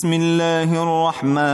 بسم الله الرحمن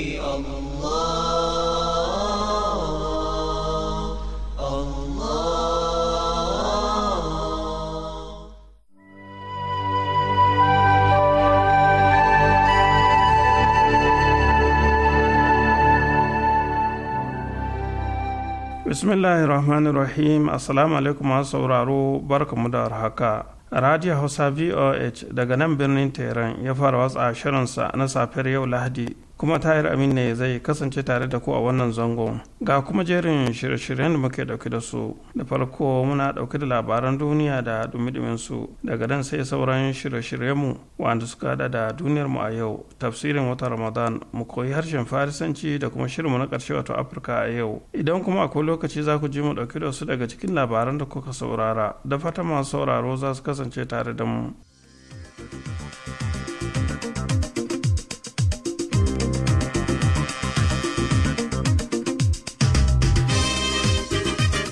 bismillahi rahmani rahim assalamu alaikum masu sauraro barkamu da haka radio hausa voh daga nan birnin tehran ya fara watsa shirinsa na safiyar yau lahadi kuma tahir amin ne zai kasance tare da ku a wannan zangon ga kuma jerin shirye-shiryen da muke dauke da su da farko muna dauke da labaran duniya da dumi su daga dan sai sauran shirye-shiryenmu wanda suka hada da duniyar mu a yau tafsirin wata ramadan mu koyi harshen farisanci da kuma shirinmu na karshe wato afirka a yau idan kuma akwai lokaci za ku ji mu dauke da su daga cikin labaran da kuka saurara da fata masu sauraro za su kasance tare da mu.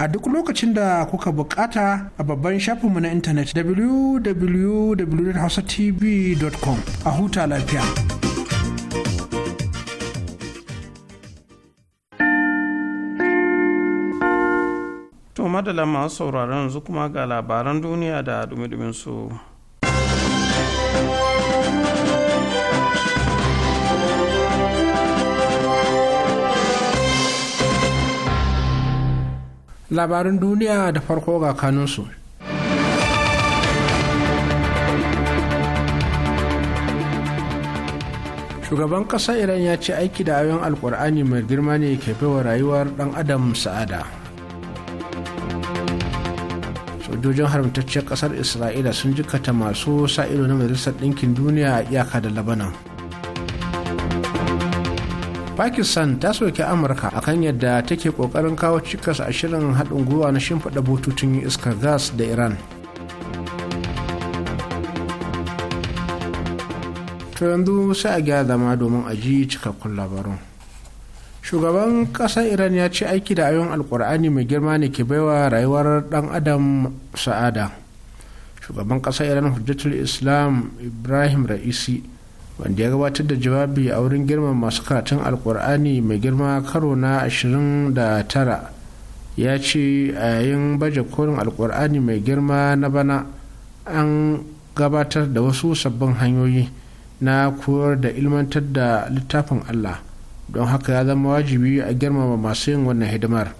a duk lokacin da kuka bukata a babban shafinmu na intanet www.hausatv.com a huta lafiya. To madala masu sauraron yanzu kuma ga labaran duniya da dumi su. labarin duniya da farko ga kanunsu shugaban ƙasar iran ya ce aiki da ayon alkur'ani mai girma ne ke baiwa rayuwar ɗan adam sa'ada sojojin haramtacciyar ƙasar isra'ila sun jikata masu sa ido na majalisar ɗinkin duniya a iyaka da labanan pakistan ta soki amurka akan yadda take kokarin kawo cikas a shirin haɗin gwiwa na shimfiɗa bututun iskar gas da iran to yanzu sai a gyara zama domin a ji cikakkun labarun shugaban ƙasar iran ya ce aiki da ayon alkur'ani mai girma ne ke baiwa rayuwar ɗan adam sa'ada shugaban ƙasar iran hujjatul islam ibrahim ra'isi wanda ya gabatar da jawabi a wurin girman masu karatun alkur'ani mai girma karo na 29 ya ce a yayin baje korin alkur'ani mai girma na bana an gabatar da wasu sabbin hanyoyi na koyar da ilmantar da littafin allah don haka ya zama wajibi a girmama masu yin wannan hidimar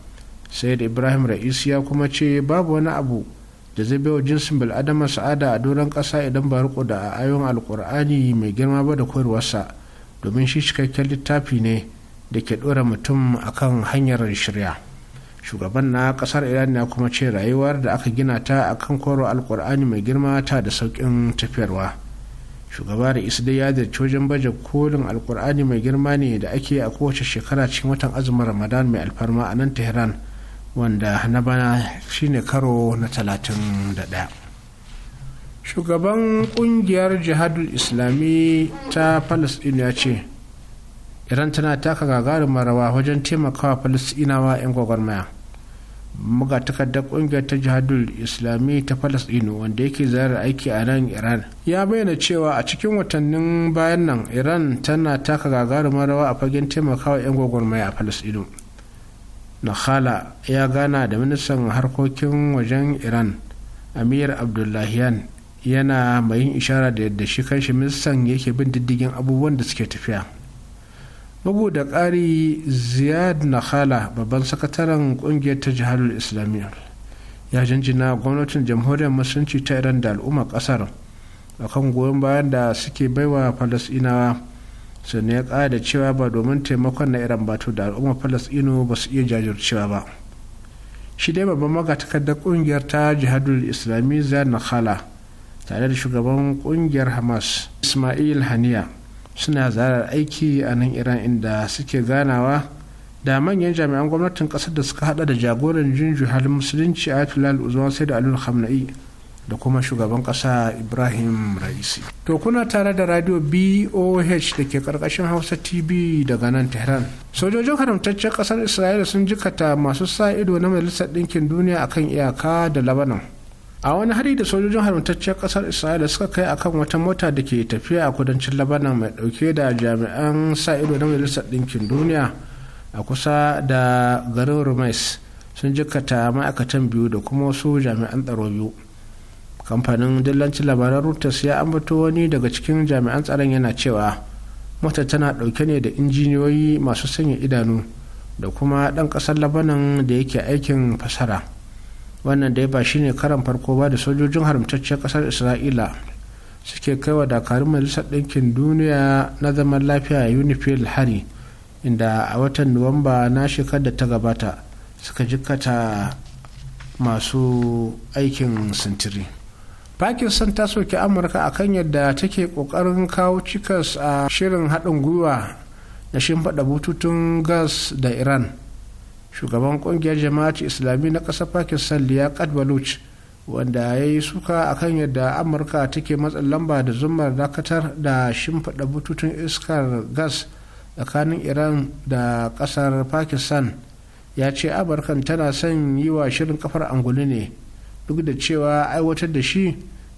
sai da ibrahim ra'isi ya kuma ce babu wani abu da zai wa jinsin bil'adama sa'ada a doron ƙasa idan ba riko da ayon alkur'ani mai girma ba da koyarwarsa domin shi cikakken littafi ne da ke ɗora mutum akan hanyar shirya shugaban na ƙasar iran ya kuma ce rayuwar da aka gina ta akan koyarwa alkur'ani mai girma ta da sauƙin tafiyarwa shugaba da isa dai ya ziyarci wajen baje kolin alkur'ani mai girma ne da ake a kowace shekara cikin watan azumin ramadan mai alfarma a nan tehran wanda na bana shine karo na 31 shugaban kungiyar jihadul islami ta palestine ya ce iran tana taka gagarumar rawa wajen taimakawa palestinawa 'yan gwagwarmaya magatakardar kungiyar ta jihadul islami ta palestino wanda yake zayar aiki a nan iran ya bayyana cewa a cikin watannin bayan nan iran tana taka gagarumar rawa a fagen taimakawa 'yan gwagwarmaya a palestino nakhala ya gana da ministan harkokin wajen iran amir abdullahian yana mai ishara da yadda shi kanshi ministan yake bin diddigin abubuwan da suke tafiya bugu da ƙari ziyad nakhala babban sakataren ƙungiyar ta jihar islamiyya ya jinjina gwamnatin jamhuriyar musulunci ta iran da al'ummar ƙasar kan goyon bayan da suke baiwa falasɗinawa sannan ya kara da cewa ba domin taimakon na iran ba da al'ummar falasɗinu ba su iya jajircewa ba shi dai babban magatakardar ƙungiyar ta jihadul islami na nakhala tare da shugaban ƙungiyar hamas ismail haniya suna zarar aiki a nan iran inda suke ganawa da manyan jami'an gwamnatin ƙasar da suka hada da jagoran jinju halin musulunci ayatollah tulal uzma sai da alul da kuma shugaban kasa ibrahim raisi to kuna tare da radio boh da ke karkashin hausa tv daga nan tehran sojojin haramtaccen kasar isra'ila sun jikata masu sa ido na majalisar ɗinkin duniya akan iyaka da labanan a wani hari da sojojin haramtaccen kasar isra'ila suka kai akan wata mota da ke tafiya a kudancin labanan mai dauke da jami'an sa ido na majalisar ɗinkin duniya a kusa da garin rumais sun jikata ma'aikatan biyu da kuma wasu jami'an tsaro biyu kamfanin dillancin labaran reuters ya ambato wani daga cikin jami'an tsaron yana cewa mota tana dauke ne da injiniyoyi masu sanya idanu da kuma dan kasar labanan da yake aikin fasara wannan dai ba shine karan farko ba da sojojin haramtacciyar kasar isra'ila suke kai wa dakarun majalisar ɗinkin duniya na zaman lafiya unifil hari inda a watan nuwamba na shekarar da ta gabata suka jikkata masu aikin sintiri. pakistan ta soki amurka a kan yadda take kokarin kawo cikas a shirin haɗin gwiwa da shimfiɗa bututun gas da iran shugaban ƙungiyar jama'at islami na ƙasar pakistan liyaƙat baluch wanda ya yi suka a kan yadda amurka take matsin lamba da zumar dakatar da shimfiɗa bututun iskar gas tsakanin iran da ƙasar pakistan ya ce amurkan tana son yi wa shirin kafar angulu ne duk da cewa aiwatar da shi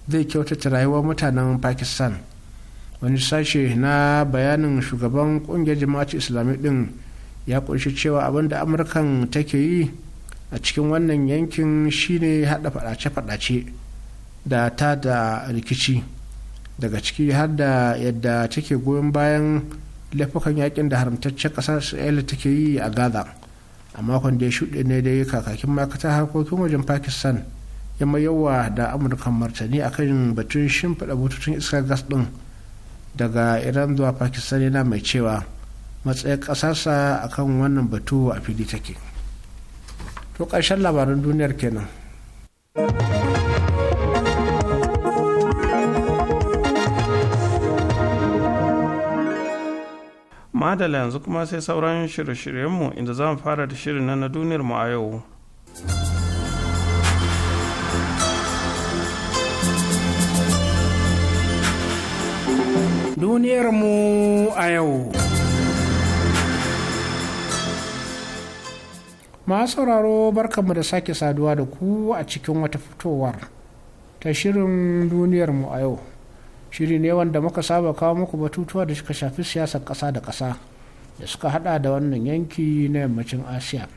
zai kyautata rayuwar mutanen pakistan wani sashe na bayanin shugaban kungiyar jama'atu islami din ya kunshi cewa abin da amurkan take yi a cikin wannan yankin shine hada fadace-fadace da ta da rikici daga ciki har da yadda take goyon bayan laifukan yakin da haramtaccen kasar israel take yi a gaza a makon da ya shuɗe ne da ya kakakin ma'aikatar harkokin wajen pakistan ya yawa da amurka martani akan batun shimfiɗa bututun iskar gas ɗin daga iran zuwa pakistan yana mai cewa matsayin ƙasarsa akan wannan batu a fili take to ƙarshen labaran duniyar kenan madala yanzu kuma sai sauran shirye-shiryenmu inda za mu fara da shirin na duniyar mu a yau duniyarmu a yau. Masu sauraro barkanmu da sake saduwa da ku a cikin wata fitowar ta shirin duniyarmu a yau. Shiri ne wanda muka saba kawo muku batutuwa da suka shafi siyasar ƙasa da ƙasa da suka hada da wannan yanki na yammacin Asiya.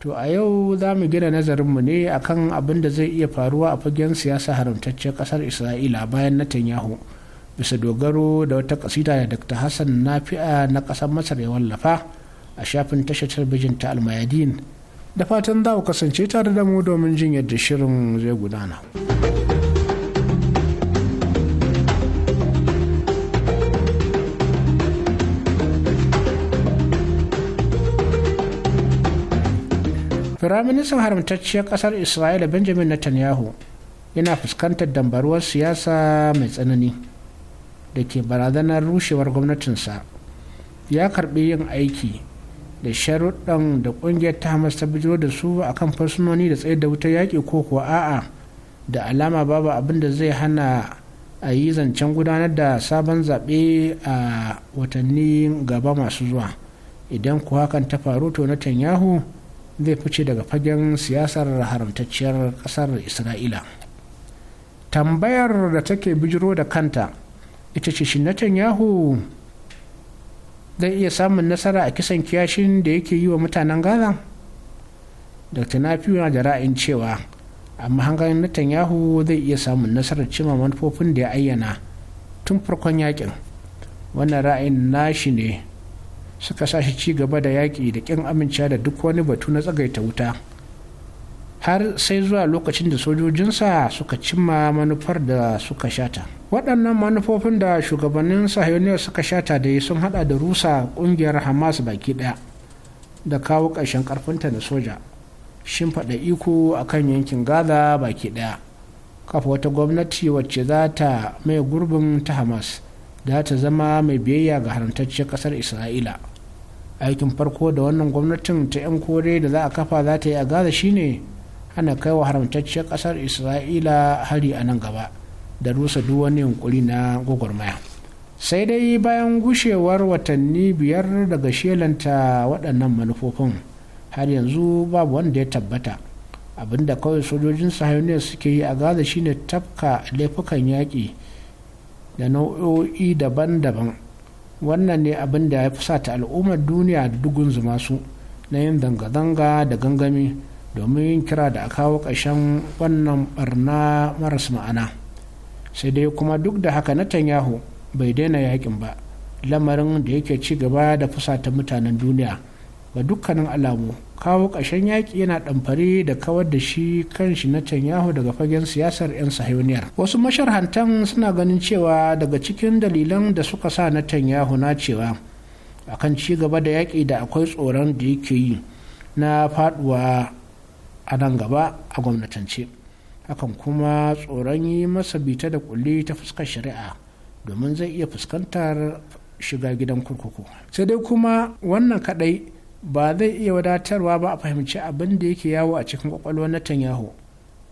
To a yau za mu gina nazarinmu ne akan abin da zai iya faruwa a fagen siyasa haramtaccen ƙasar Isra'ila bayan Netanyahu. yahu. bisa dogaro da wata kasida da dr hassan nafi'a na ƙasar masar ya wallafa a shafin tashar talabijin ta almayadin da fatan za ku kasance tare da mu domin jin yadda shirin zai gudana. Firaministan haramtacciyar kasar Isra'ila Benjamin Netanyahu yana fuskantar dambaruwar siyasa mai tsanani. da ke barazanar rushewar gwamnatinsa ya karbi yin aiki da sharuɗan da ƙungiyar ta hamas ta bijiro da su a kan fursunoni da tsaye da wuta yaƙi ko kuwa a'a da alama babu abin da zai hana a yi zancen gudanar da sabon zaɓe a watanni gaba masu zuwa idan ku hakan ta faru to na yahu zai fice daga fagen siyasar haramtacciyar ƙasar isra'ila tambayar da take bijiro da kanta ita ce shi Netanyahu zai iya samun nasara a kisan kiyashin da yake yi wa mutanen Gaza? Dr. Nafi na da ra'ayin cewa amma hangarin Netanyahu zai iya samun nasarar cima manufofin da ya ayyana tun farkon yakin. Wannan ra'ayin nashi ne suka sa ci gaba da yaƙi da ƙin amincewa da duk wani batu na tsagaita wuta. har sai zuwa lokacin da sojojinsa suka cimma manufar da suka shata waɗannan manufofin da shugabannin sahiyoniyar suka shata da yi sun hada da rusa ƙungiyar hamas baki ɗaya da kawo ƙarshen ƙarfinta da soja shimfaɗa iko a kan yankin gaza baki ɗaya kafa wata gwamnati wacce za ta mai gurbin ta hamas za ta zama mai biyayya ga haramtacciyar ƙasar isra'ila aikin farko da wannan gwamnatin ta 'yan kore da za a kafa za ta yi a gaza shine hana kai wa haramtacciyar kasar isra'ila hari a nan gaba da rusa duk wani yunkuri na gwagwarmaya sai dai bayan gushewar watanni biyar daga shelanta waɗannan manufofin har yanzu babu wanda ya tabbata abinda kawai sojojin sahiyoniya suke yi a gaza shine tafka laifukan yaƙi da nau'o'i daban-daban wannan ne abin da ya fusata al'ummar duniya da dugun zuma su na yin zanga-zanga da gangami domin yin kira da a kawo ƙashen wannan barna maras ma'ana sai dai kuma duk da haka na netanyahu bai daina yakin ba lamarin da yake ci gaba da fusata mutanen duniya ga dukkanin alamu kawo ƙashen yaƙi yana ɗamfare da kawar da shi kan shi kanshi tanyahu daga fagen siyasar 'yan sahiyoniyar wasu masharhantan suna ganin cewa daga cikin dalilan da suka sa na tanyahu na cewa akan ci gaba da yaƙi da akwai tsoron da yake yi na faɗuwa a nan gaba a gwamnatance hakan kuma tsoron yi masa bita da kulli ta fuskar shari'a domin zai iya fuskantar shiga gidan kurkuku sai dai kuma wannan kadai ba zai iya wadatarwa ba a fahimci abin da yake yawo a cikin kwakwalwar Netanyahu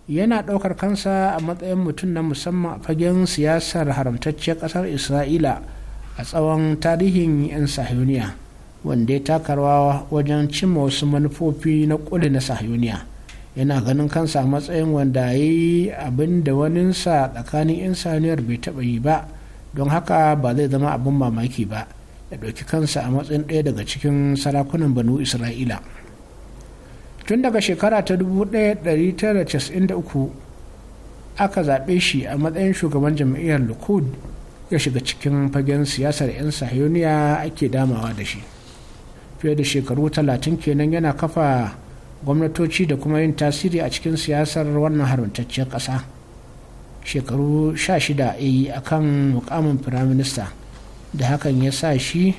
yana ɗaukar kansa a matsayin mutum na musamman a fagen siyasar haramtacciyar ƙasar isra'ila a tsawon tarihin 'yan sahiyoniya wanda ya takarwa wajen cimma wasu manufofi na ƙuli na sahiyoniya yana ganin kansa a matsayin wanda ya yi abin da waninsa tsakanin yan saniyar bai taɓa yi ba don haka ba zai zama abin mamaki ba ya ɗauki kansa a matsayin ɗaya daga cikin sarakunan banu isra'ila tun daga shekara ta 1993 aka zaɓe shi a matsayin shugaban jam'iyyar likud ya shiga cikin fagen siyasar 'yan sahiyoniya ake damawa da shi fiye da shekaru talatin kenan yana kafa gwamnatoci da kuma yin tasiri a cikin siyasar wannan haramtacciyar ƙasa shekaru sha shida a yi a kan mukamin firaminista da hakan ya sa shi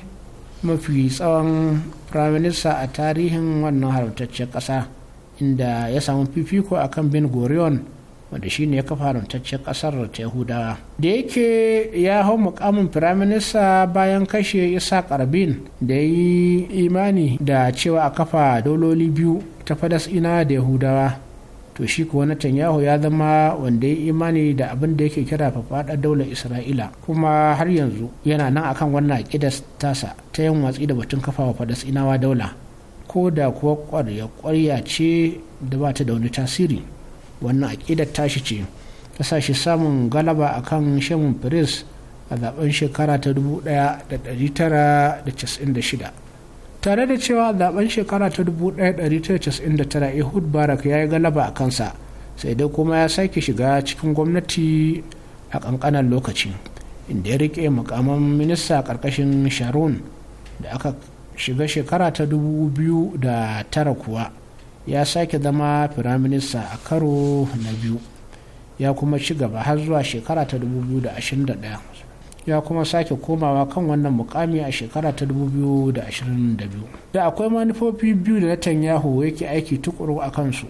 mafi tsawon firaminista a tarihin wannan haramtacciyar ƙasa inda ya samu fifiko a kan bin gorion wanda shi ne ya kafa haramtacciyar ƙasar ta yahudawa da yake ya hau mukamin firaminista bayan kashe isa karbin da ya yi imani da cewa a kafa dololi biyu ta ina da yahudawa to shi kuwa tanyahu ya zama wanda ya imani da abin da yake kira fafaɗar daular Isra'ila kuma har yanzu yana nan akan wannan aƙidas tasa ta yin watsi da batun kafawa Falasɗinawa daula ko da kuwa kwarya-kwarya ce da ba ta da wani tasiri wannan aƙidar tashi ce ta sa shi samun galaba akan Shemun Firis a zaben shekara ta 1996 tare da cewa zaben shekara ta 1999 ehud barak ya yi galaba a kansa sai dai kuma ya sake shiga cikin gwamnati a kankanan lokaci inda ya rike mukamin minista karkashin sharon da aka shiga shekara ta 2009 kuwa ya sake zama firaminista a karo na biyu ya kuma ci gaba har zuwa shekara ta 2021 ya kuma sake komawa kan wannan mukami a shekara ta 2022 da akwai manufofi biyu da netanyahu yake aiki tukuru a kansu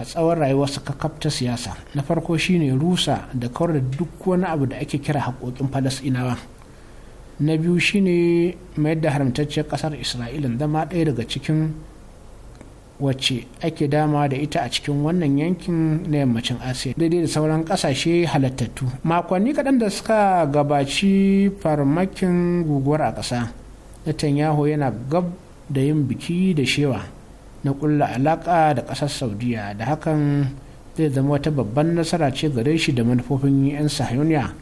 a tsawon su kakaf ta siyasa na farko shine rusa da kawar da duk wani abu da ake kira haƙoƙin falasɗinawa na biyu shine mayar da haramtacciyar ƙasar isra'ila zama ɗaya daga cikin wacce ake dama da ita a cikin wannan yankin na yammacin asiya daidai da sauran kasashe halattattu makonni kaɗan da suka gabaci farmakin guguwar a ƙasa netanyahu yana gab da yin biki da shewa na ƙulla alaƙa da ƙasar saudiya da hakan zai zama wata babban nasara ce gare shi da manufofin 'yan sahiyoniya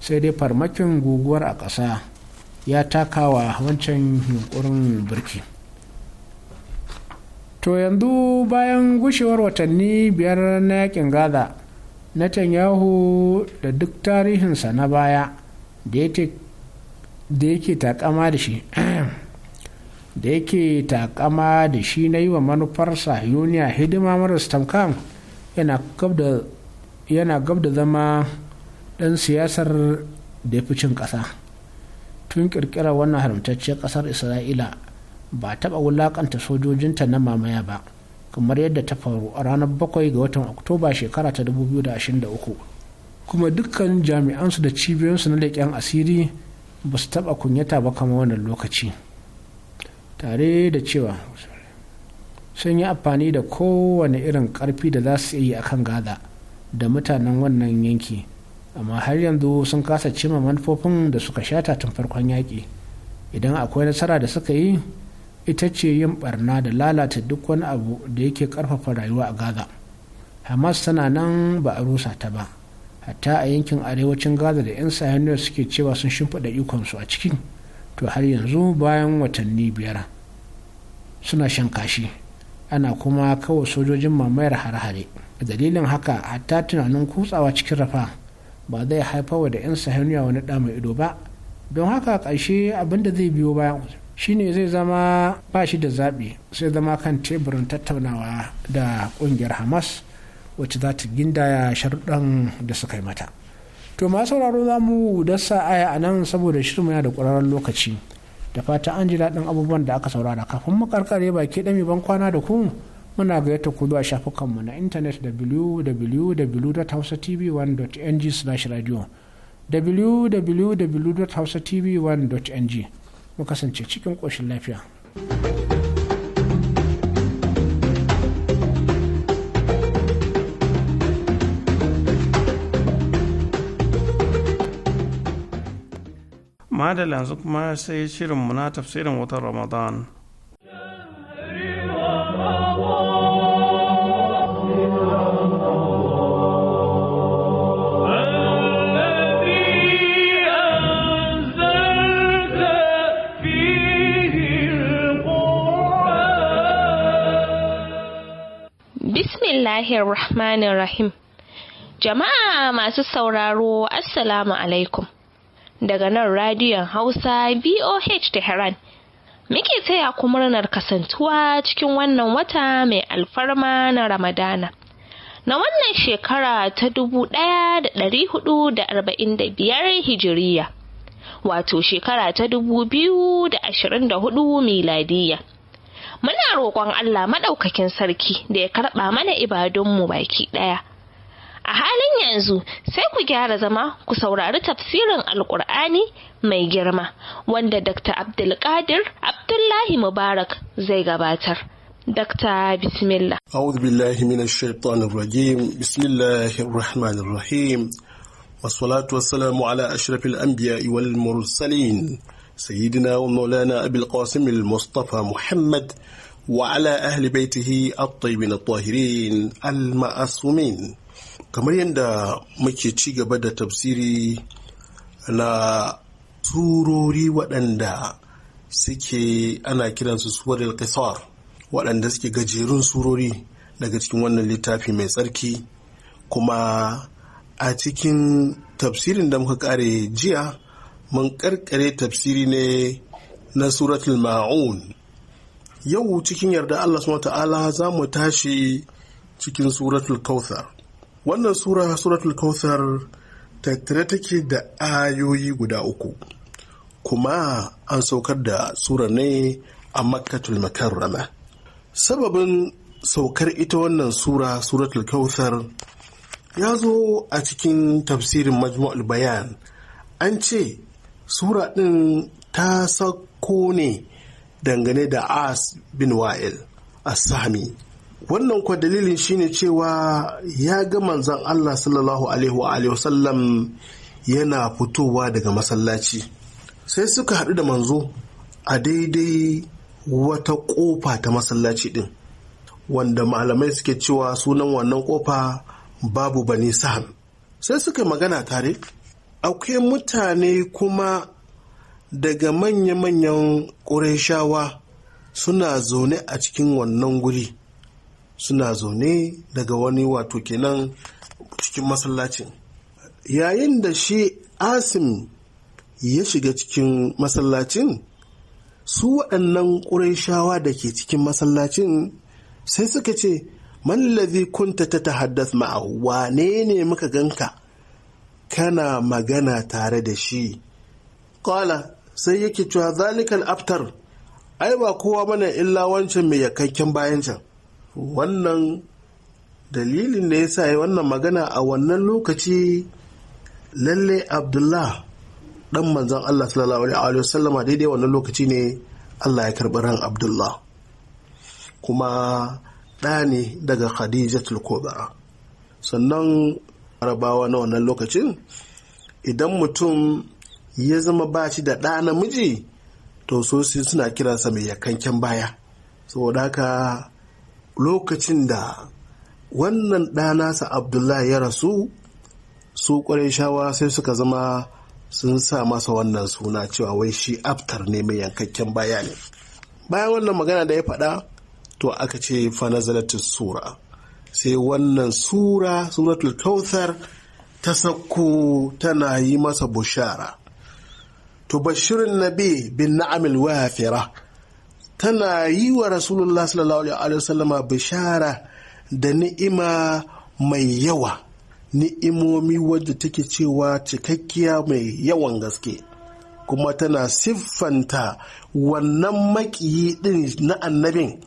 sai dai farmakin guguwar a ƙasa ya taka wa wancan yunkurin birki to yanzu bayan gushewar watanni biyar na yakin gaza netanyahu da duk tarihinsa na baya da yake takama da shi da yake takama da shi na yi wa manufarsa yuniya hidima maras tamkam yana gab da zama ɗan siyasar da ya fi cin ƙasa tun ƙirƙirar wannan haramtacciyar ƙasar isra'ila ba a taɓa wulaƙanta sojojinta na mamaya ba kamar yadda ta faru a ranar 7 ga watan oktoba shekara ta 2023 kuma dukkan jami'ansu da cibiyoyinsu na leƙen asiri ba su taɓa kunyata ba kama wannan lokaci tare da cewa sun yi amfani da kowane irin ƙarfi da za su yi a kan gaza da mutanen wannan yanki amma har yanzu sun kasa cima manufofin da suka shata tun farkon yaƙi idan akwai nasara da suka yi ita ce yin barna da lalata duk wani abu da yake karfafa rayuwa a gaza hamas tana nan ba a rusa ta ba hatta a yankin arewacin gaza da 'yan sahaniyar suke cewa sun shimfiɗa ikonsu a cikin to har yanzu bayan watanni biyar suna shan kashi ana kuma kawo sojojin mamayar har-hare dalilin haka hatta tunanin kutsawa cikin rafa ba zai haifawa da 'yan sahaniya wani ɗa mai ido ba don haka ƙarshe abin da zai biyo bayan shine zai zama ba shi da zaɓi sai zama kan teburin tattaunawa da ƙungiyar hamas wacce za ta gindaya sharuɗan da suka yi mata to ma sauraro za mu dasa aya a nan saboda shirin yana da ƙwararren lokaci da fata an ji daɗin abubuwan da aka saurara kafin mu karkare baki ɗami ban kwana da ku muna gayyata ku zuwa shafukanmu na intanet www.hausatv1.ng/radio www.hausatv1.ng mu kasance cikin ƙoshin lafiya. madalla yanzu kuma sai shirinmu na tafsirin watan ramadan Bismillahir Rahmanir Rahim. Jama'a masu sauraro, Assalamu alaikum. Daga nan radiyon Hausa BOH Tehran. Muke taya ku murnar kasantuwa cikin wannan wata mai alfarma na Ramadana. Na wannan shekara ta dubu ɗaya da hudu da ɗari biyar Hijiriya, wato shekara ta dubu biyu da da hudu miladiyya. muna roƙon Allah maɗaukakin sarki da ya karɓa mana ibadunmu baki ɗaya. A halin yanzu sai ku gyara zama ku saurari tafsirin Alƙur'ani mai girma wanda Dr. Abdulkadir Abdullahi Mubarak zai gabatar. Dr. Bismillah. أعوذ بالله من الشيطان الرجيم بسم الله الرحمن الرحيم والصلاة والسلام على أشرف الأنبياء والمرسلين سيدنا ومولانا أبي القاسم المصطفى محمد وعلى أهل بيته الطيبين الطاهرين المعصومين kamar yadda muke ci gaba da tafsiri na surori waɗanda suke ana kiransu suwaril qisar waɗanda suke gajerun surori daga cikin wannan littafi mai tsarki kuma a cikin tafsirin da muka ƙare jiya mun karkare tafsiri ne na suratul ma'un yau cikin yarda Allah subhanahu ta'ala za mu tashi cikin suratul kauthar wannan sura suratul kauthar tattare take da ayoyi guda uku kuma an saukar da sura ne a makkatul makarrama sababin saukar ita wannan sura suratul kauthar ya zo a cikin tafsirin majmu'ul bayan an ce sura ɗin ta sako ne dangane da as bin wa'il a sami wannan kwa dalilin shine cewa ya ga manzan allah sallallahu alaihi wasallam yana fitowa daga masallaci sai suka haɗu da manzo a daidai wata ƙofa ta masallaci ɗin wanda malamai suke cewa sunan wannan ƙofa babu bani sahan. sai suka magana tare akwai mutane kuma daga manya-manyan ƙureshawa suna zaune a cikin wannan guri suna zaune daga wani wato kenan cikin masallacin yayin da shi asim ya shiga cikin masallacin su waɗannan ƙureshawa da ke cikin masallacin sai suka ce mallazi kunta ta tahaddas ma'a wane ne muka ganka kana magana tare da shi Kwala sai yake cewa zalikan aftar ai ba kowa mana illa wancan mai yakakken bayan can wannan dalilin da ya sa ya wannan magana a wannan lokaci lalle abdullah dan manzon allah sallallahu alaihi wasallama daidai wannan lokaci ne allah ya karɓi ran abdullah kuma ɗa ne daga khadijatul kobara sannan nawa na wannan lokacin idan mutum ya zama ba shi da ɗa namiji to sosi suna kiransa mai yakanken baya saboda haka lokacin da wannan ɗa nasa abdullahi ya rasu su ƙwarai shawa sai suka zama sun sa masa wannan suna cewa wai shi aftar ne mai yankakken baya ne bayan wannan magana da ya faɗa to aka ce fa sura sai wannan sura suratul kauthar ta sauko tana yi masa bushara to bashirin nabi bin na'amil wafira tana yi wa rasulullah sallallahu alaihi wasallama bishara da ni'ima mai yawa ni'imomi wadda take cewa cikakkiya mai yawan gaske kuma tana siffanta wannan makiyi din na annabin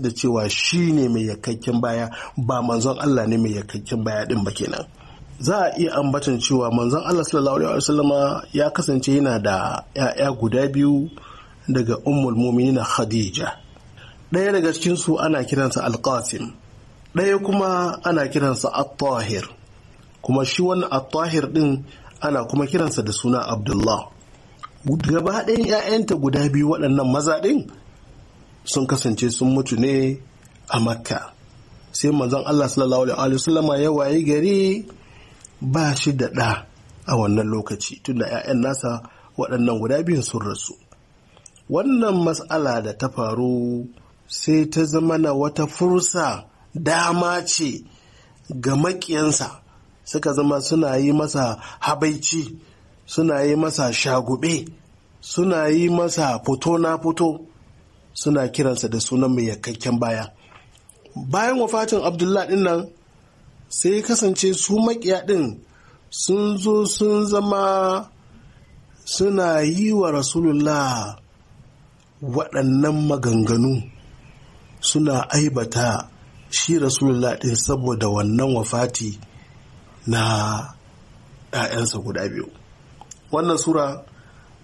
da cewa shi ne mai yakakken baya ba manzon Allah ne mai yakakken baya din ba kenan za a iya ambatan cewa manzon Allah sallallahu alaihi wasallama ya kasance yana da ‘ya'ya guda biyu daga ummul muminina Khadija ɗaya daga cikin su ana kiransa al Al-Qasim ɗaya kuma ana kiransa at-tahir kuma shi wannan at-tahir din ana kuma kiransa da suna Abdullah gaba ɗayan ‘ya'yanta guda biyu waɗannan maza ɗin sun kasance sun mutu ne a makka sai mazan Allah sallallahu alaihi sallama ya wayi gari ba shi da ɗa a wannan lokaci tunda 'ya'yan nasa waɗannan guda biyun sun rasu wannan matsala da ta faru sai ta zama na wata fursa dama ce ga makiyansa suka zama suna yi masa habaici suna yi masa shagube suna yi masa fito na fito suna kiransa da sunan mai yakkakken baya bayan wafatin abdullah din nan sai kasance su makiya din sun zo sun zama suna yi wa rasulullah waɗannan maganganu suna aibata shi rasulullah din saboda wannan wafati na ɗa'yansa guda biyu wannan sura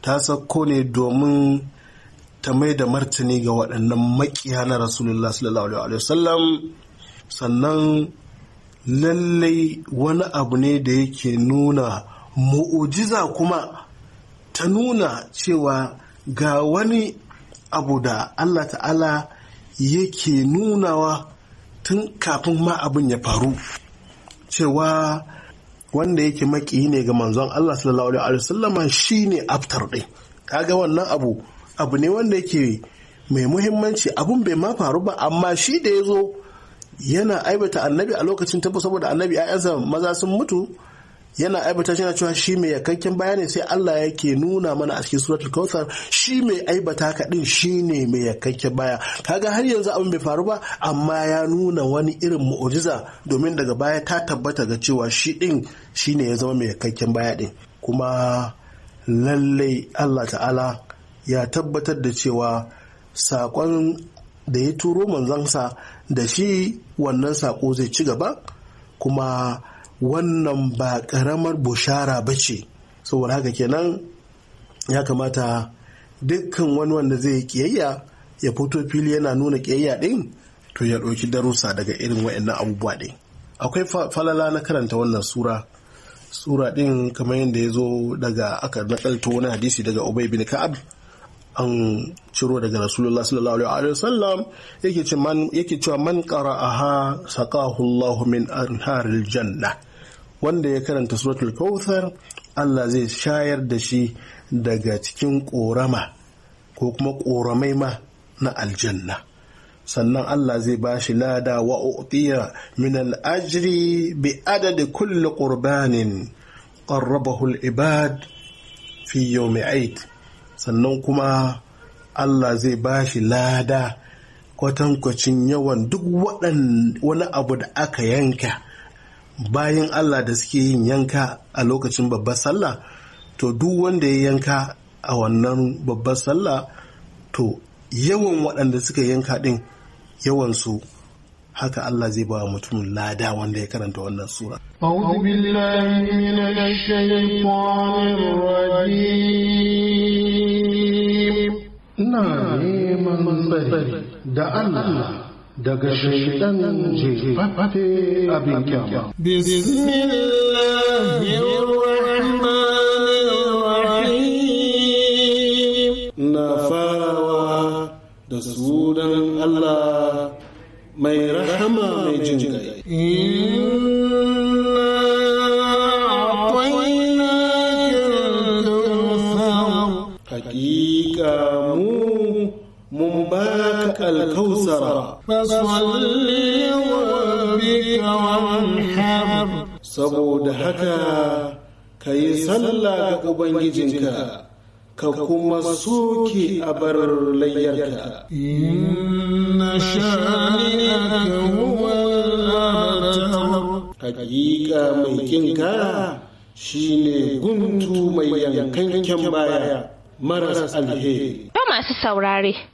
ta sauko ne domin ta mai da martani ga waɗannan makiya na rasulullah sallallahu alaihi wasallam sannan lallai wani abu ne da yake nuna mu'ujiza kuma ta nuna cewa ga wani abu da Allah ta'ala yake nunawa tun kafin ma abin ya faru cewa wanda yake maki ne ga manzon Allah sallallahu alaihi shi ne aftar ɗin ga wannan abu abu ne wanda yake mai muhimmanci abun bai ma faru ba amma shi da ya zo yana aibata annabi a lokacin tabbas saboda annabi ‘ya'yansa maza sun mutu yana aibata shi na cewa shi mai yakakken baya ne sai Allah yake nuna mana a cikin suratul kautsar shi mai aibata haka din shi ne mai yakakken baya kaga har yanzu abin bai faru ba amma ya nuna wani irin mu'ujiza domin daga baya ta tabbata ga cewa shi din shi ne ya zama mai yakakken baya din kuma lallai Allah ta'ala ya tabbatar da cewa saƙon da ya turo manzansa da shi wannan saƙo zai ci gaba kuma wannan ba ƙaramar bushara ba ce saboda haka kenan ya kamata dukkan wani wanda zai kiyayya ya fito fili yana nuna kiyayya ɗin to ya ɗauki darussa daga irin wa'annan abubuwa ɗin akwai falala na karanta wannan sura sura ɗin kamar yadda ya zo daga aka nakalto wani hadisi daga ubay bin ka'ab an ciro daga rasulullah sallallahu alaihi wasallam yake ce man yake cewa man qara'aha saqahu Allah min anharil janna wanda ya karanta suratul kautsar Allah zai shayar da shi daga cikin korama ko kuma koramai ma na aljanna sannan Allah zai ba shi lada wa u'tiya min al-ajri bi adadi kulli qurbanin qarrabahu al-ibad fi yawmi sannan kuma Allah zai ba shi lada kwatankwacin yawan duk wani abu da aka yanka bayan Allah da suke yin yanka a lokacin babbar sallah to duk wanda ya yanka a wannan babbar sallah to yawan waɗanda suka yanka ɗin yawansu haka Allah zai ba mutumin lada wanda ya karanta wannan sura أعوذ بالله من الشيطان الرجيم نعيم صدري دا الله daga shaitan jefaffe abin kyama. Na farawa da sunan Allah mai rahama mai jin الكوثر فصل لربك وانحر saboda haka ka yi sallah ga ubangijinka ka kuma soke a bar layyarka inna shani'aka huwal abtar hakika mai kinka shine guntu mai yankan baya maras alheri. Ba masu saurare.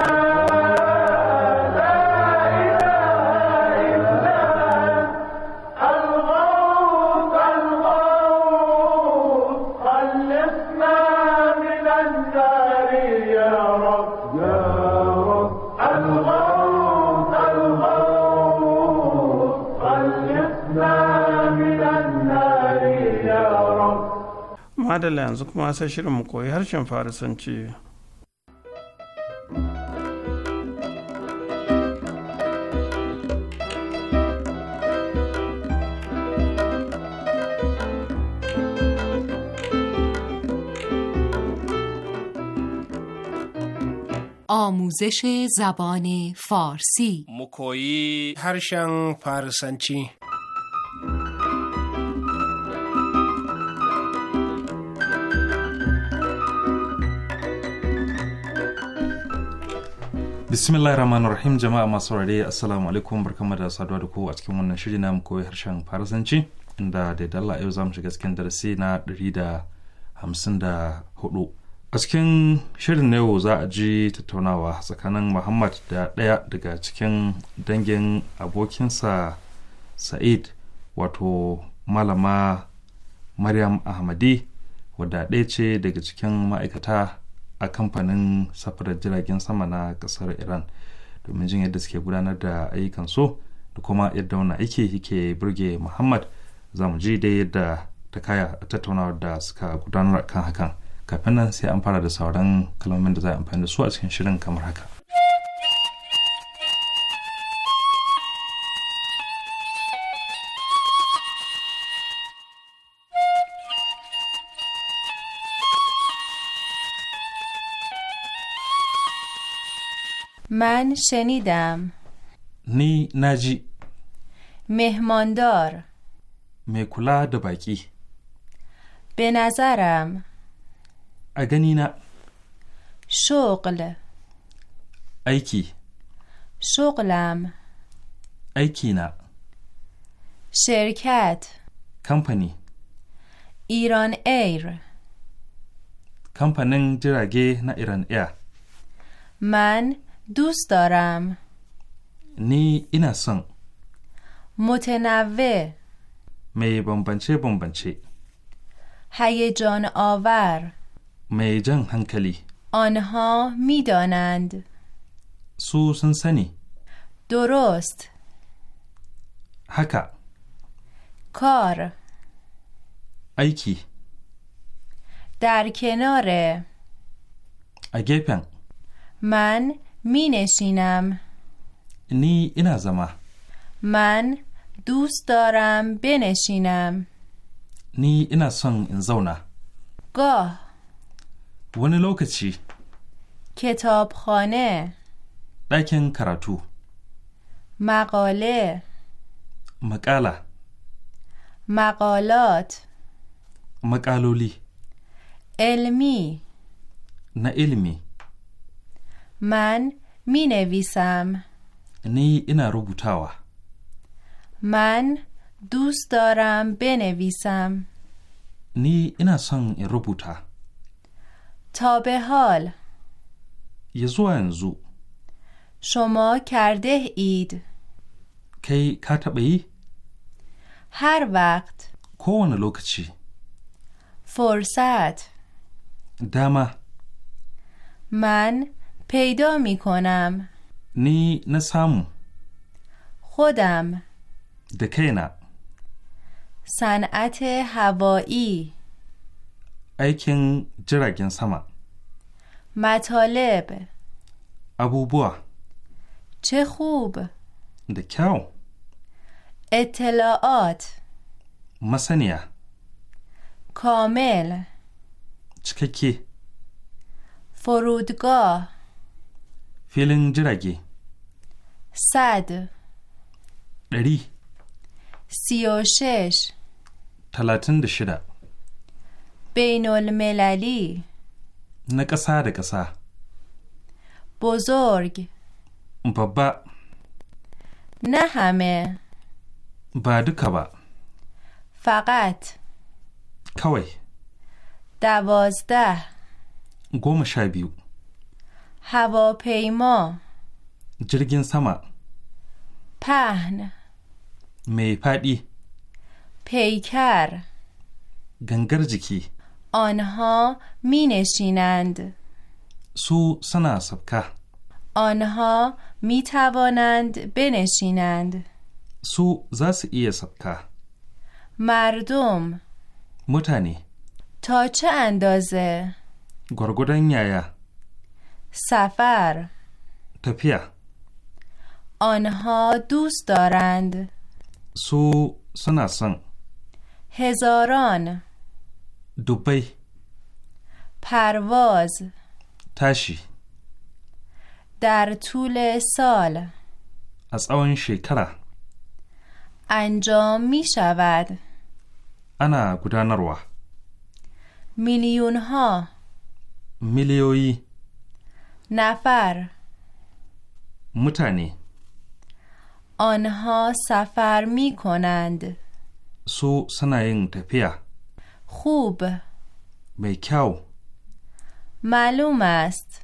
madalla yanzu kuma sai shirin mu koyi harshen farisanci آموزش زبان فارسی مکویی هرشن فارسنچی bismillahir rahmanir rahim jama'a masu saurare assalamu alaikum barkamu da saduwa da ku a cikin wannan shiri na muku koyi harshen farasanci inda da dalla yau zamu shiga cikin darasi na ɗari da hamsin da hudu a cikin shirin na yau za a ji tattaunawa tsakanin muhammad da ɗaya daga cikin dangin abokinsa sa'id wato malama maryam ahmadi wadda ɗaya ce daga cikin ma'aikata a kamfanin safarar jiragen sama na kasar iran domin jin yadda suke gudanar da ayyukan so da kuma yadda wani aiki yake burge muhammad za mu ji dai yadda ta kaya a tattaunawar da suka gudanar kan hakan kafin nan sai an fara da sauran kalmomin da za a amfani da su a cikin shirin kamar haka من شنیدم نی نجی مهماندار میکولا دباکی به نظرم اگنینا شغل ایکی شغلم ایکینا شرکت کمپنی ایران ایر کمپانی جرگه نا ایران ایر من دوست دارم نی اینا سن متنوع می بمبنچه بمبنچه هیجان آور می جنگ هنکلی آنها میدانند سو سنی درست حکا کار ایکی در کنار اگه پن من می نشینم نی اینا زما من دوست دارم بنشینم نی اینا سن این زونا گاه ونی لوکچی کتابخانه دکن کراتو مقاله مقاله مقالات مقالولی علمی نه علمی من می نویسم نی اینا روبوتاوا من دوست دارم بنویسم نی اینا سن بوتا تا به حال یزو انزو شما کرده اید کی ای؟ هر وقت کون لوکچی فرصت دما من پیدا می کنم نی نسامو خودم دکینا صنعت هوایی ایکن جرگن سما مطالب ابو بوا. چه خوب دکاو اطلاعات مسنیا کامل چککی فرودگاه filin jirage sad ɗari siyoshesh talatin da shida Benol melali? na ƙasa da ƙasa bozorg babba Na hame. ba duka ba فقط kawai da goma sha biyu هواپیما جرگین سما پهن میپدی پیکر گنگر آنها می نشینند سو سنا سبکه آنها می توانند بنشینند سو زس ای سبکه مردم متنی تا چه اندازه گرگودن یایا سفر تپیا. آنها دوست دارند سو سناسن هزاران دوبی پرواز تشی در طول سال از آن شکره انجام می شود انا گدانروا میلیون ها میلیوی. نفر متنی آنها سفر می کنند سو سناین تپیا خوب میکاو معلوم است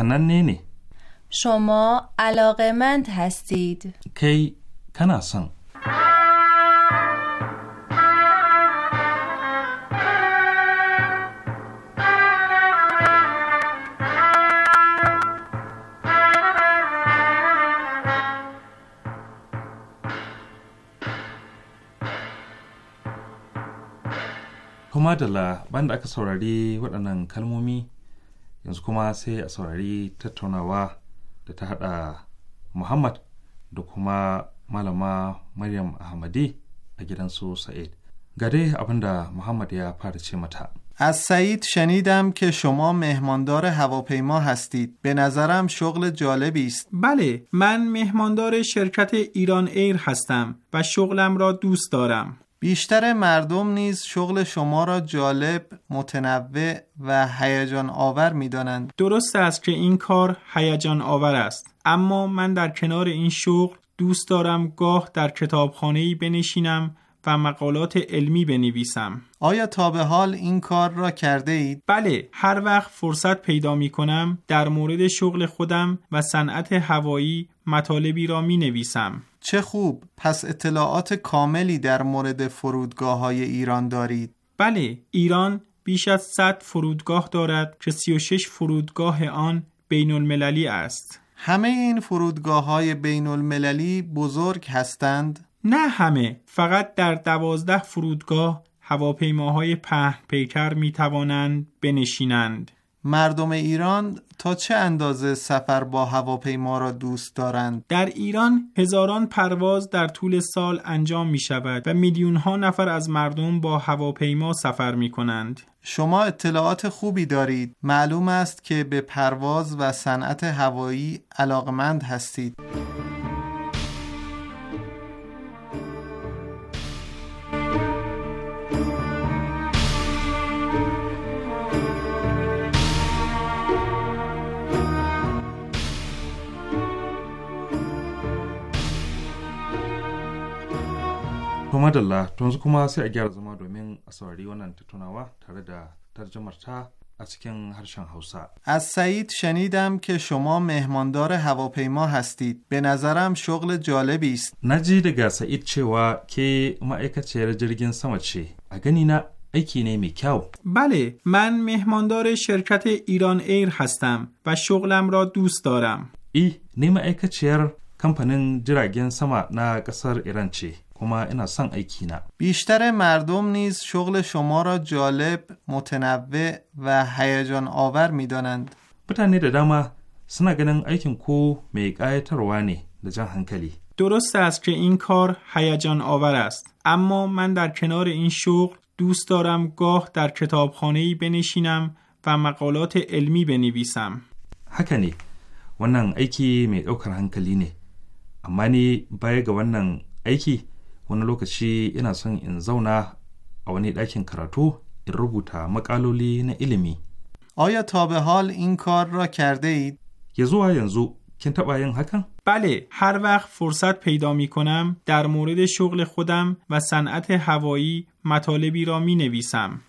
نینی؟ شما علاقمند هستید کی کناسن To madalla banda aka saurari waɗannan kalmomi yanzu kuma sai a saurari tattaunawa da ta hada Muhammad da kuma malama Maryam Ahmadi a gidansu Sa'id. Ga dai abinda Muhammad ya fara ce mata. از سعید شنیدم که شما مهماندار هواپیما هستید. به نظرم شغل جالبی است. بله، من مهماندار شرکت ایران ایر هستم و شغلم را دوست دارم. بیشتر مردم نیز شغل شما را جالب، متنوع و هیجان آور می دانند. درست است که این کار هیجان آور است. اما من در کنار این شغل دوست دارم گاه در کتابخانه‌ای بنشینم و مقالات علمی بنویسم. آیا تا به حال این کار را کرده اید؟ بله، هر وقت فرصت پیدا می کنم در مورد شغل خودم و صنعت هوایی مطالبی را می نویسم. چه خوب پس اطلاعات کاملی در مورد فرودگاه های ایران دارید بله ایران بیش از 100 فرودگاه دارد که 36 فرودگاه آن بین المللی است همه این فرودگاه های بین المللی بزرگ هستند؟ نه همه فقط در دوازده فرودگاه هواپیماهای پهن پیکر می توانند بنشینند مردم ایران تا چه اندازه سفر با هواپیما را دوست دارند؟ در ایران هزاران پرواز در طول سال انجام می شود و میلیون ها نفر از مردم با هواپیما سفر می کنند. شما اطلاعات خوبی دارید. معلوم است که به پرواز و صنعت هوایی علاقمند هستید. madalla yanzu kuma sai a gyara zama domin a saurari wannan tattaunawa tare da tarjumar ta a cikin harshen Hausa. از سعید شنیدم که شما مهماندار هواپیما هستید. به نظرم شغل جالبی است. نجی دگا سعید چوا که مa'aikaciyar jirgin sama ce. A gani na aiki ne mai kyau. بله، من مهماندار شرکت ایران ایر هستم و شغلم را دوست دارم. ای، نی ma'aikaciyar kamfanin jiragen sama na ƙasar Iran ce. کما بیشتر مردم نیز شغل شما را جالب، متنوع و هیجان آور میدانند. دانند بطنی dama suna کو ایکن کو mai ƙayatarwa درست است که این کار هیجان آور است اما من در کنار این شغل دوست دارم گاه در کتابخانه ای بنشینم و مقالات علمی بنویسم حکنی ونن ایکی می اوکر هنکلی hankali اما نی ونن ایکی wani lokaci ina son in zauna a wani ɗakin karatu in rubuta makaloli na ilimi آیا تا به hal in کار را کرده اید؟ یه زوها ینزو کن تبا ین حکن؟ بله هر وقت فرصت پیدا می کنم در مورد شغل خودم و صنعت هوایی مطالبی را می نویسم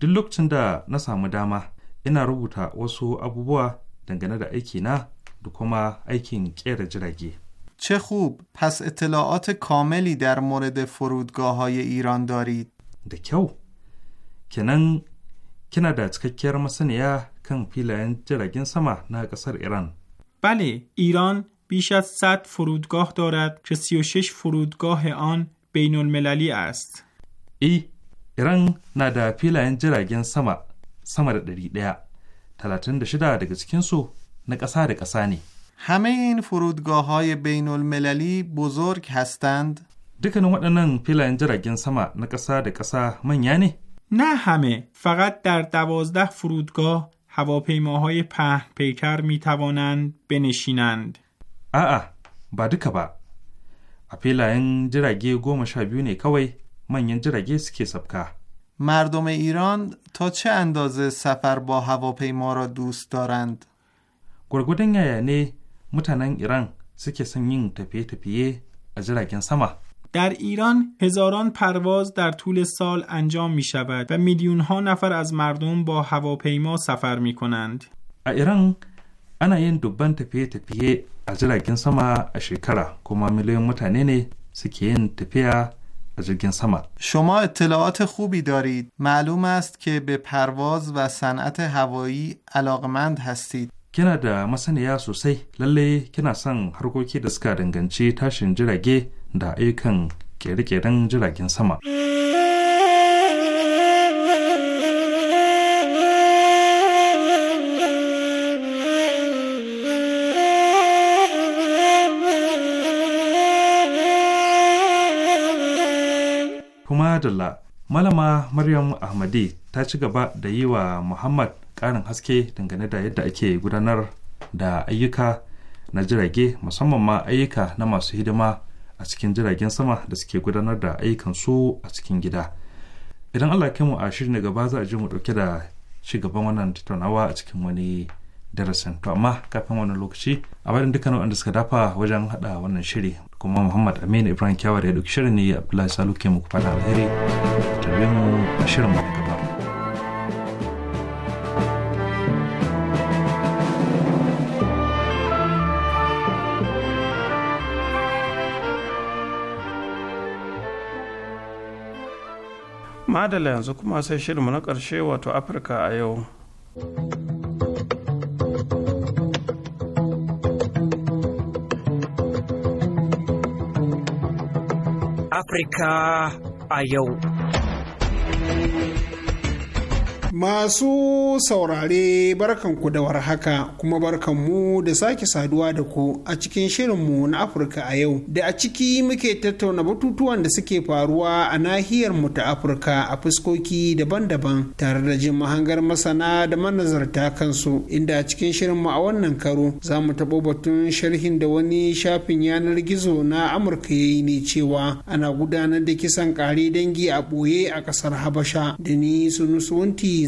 duk lokacin da na samu dama ina rubuta wasu abubuwa dangane da aikina da kuma aikin kera jirage. چه خوب پس اطلاعات کاملی در مورد فرودگاه های ایران دارید da kyau kenan kina da cikakkiyar masaniya کن filayen jiragen سما na ایران بله ایران بیش از 100 فرودگاه دارد که 36 فرودگاه آن بین المللی است. ای ایران na da filayen سما سما sama da 100 36 daga cikinsu na ƙasa همه این فرودگاه های بین المللی بزرگ هستند؟ یعنی؟ نه همه فقط در دوازده فرودگاه هواپیماهای پهن پیکر می توانند بنشینند. آه با دکه ba. این filayen jirage گوم sha biyu ne مردم ایران تا چه اندازه سفر با هواپیما را دوست دارند؟ گرگودن یعنی mutanen ایران yin tafiye تپیه a jiragen sama. در ایران هزاران پرواز در طول سال انجام می شود و میلیون ها نفر از مردم با هواپیما سفر می کنند. ایران انا یین دوبان تپیه تپیه از jiragen سما a کما kuma miliyan mutane ne suke yin tafiya a شما اطلاعات خوبی دارید. معلوم است که به پرواز و صنعت هوایی علاقمند هستید. kina da masaniya sosai lalle kina son harkoki da suka danganci tashin jirage da ayyukan kere-keren jiragen sama. Kuma la Malama Maryam Ahmadi ta ci gaba da yi wa Muhammad karin haske dangane da yadda ake gudanar da ayyuka na jirage musamman ma ayyuka na masu hidima a cikin jiragen sama da suke gudanar da ayyukan su a cikin gida idan allah mu a shirin na gaba za a ji mu dauke da ci gaban wannan tattaunawa a cikin wani darasin to amma kafin wannan lokaci a bayan dukkan waɗanda suka dafa wajen haɗa wannan shiri kuma muhammad aminu ibrahim kyawar ya ɗauki shirin ne abdullahi salu ke muku fada alheri tarbe mu shirin mu madala yanzu kuma sai shirinmu na ƙarshe wato afirka a yau afirka a yau Masu saurare barkanku da warhaka kuma barkanmu da sake saduwa da ku a cikin shirin mu na Afirka a yau da a ciki muke tattauna batutuwan da suke faruwa a nahiyar mu ta Afirka a fuskoki daban-daban tare da jin mahangar masana da manazarta kansu inda a cikin shirin mu a wannan karo za mu taɓo batun sharhin da wani shafin yanar gizo na Amurka ya yi ne cewa ana gudanar da kisan ƙare dangi a ɓoye a ƙasar Habasha da ni sunusunti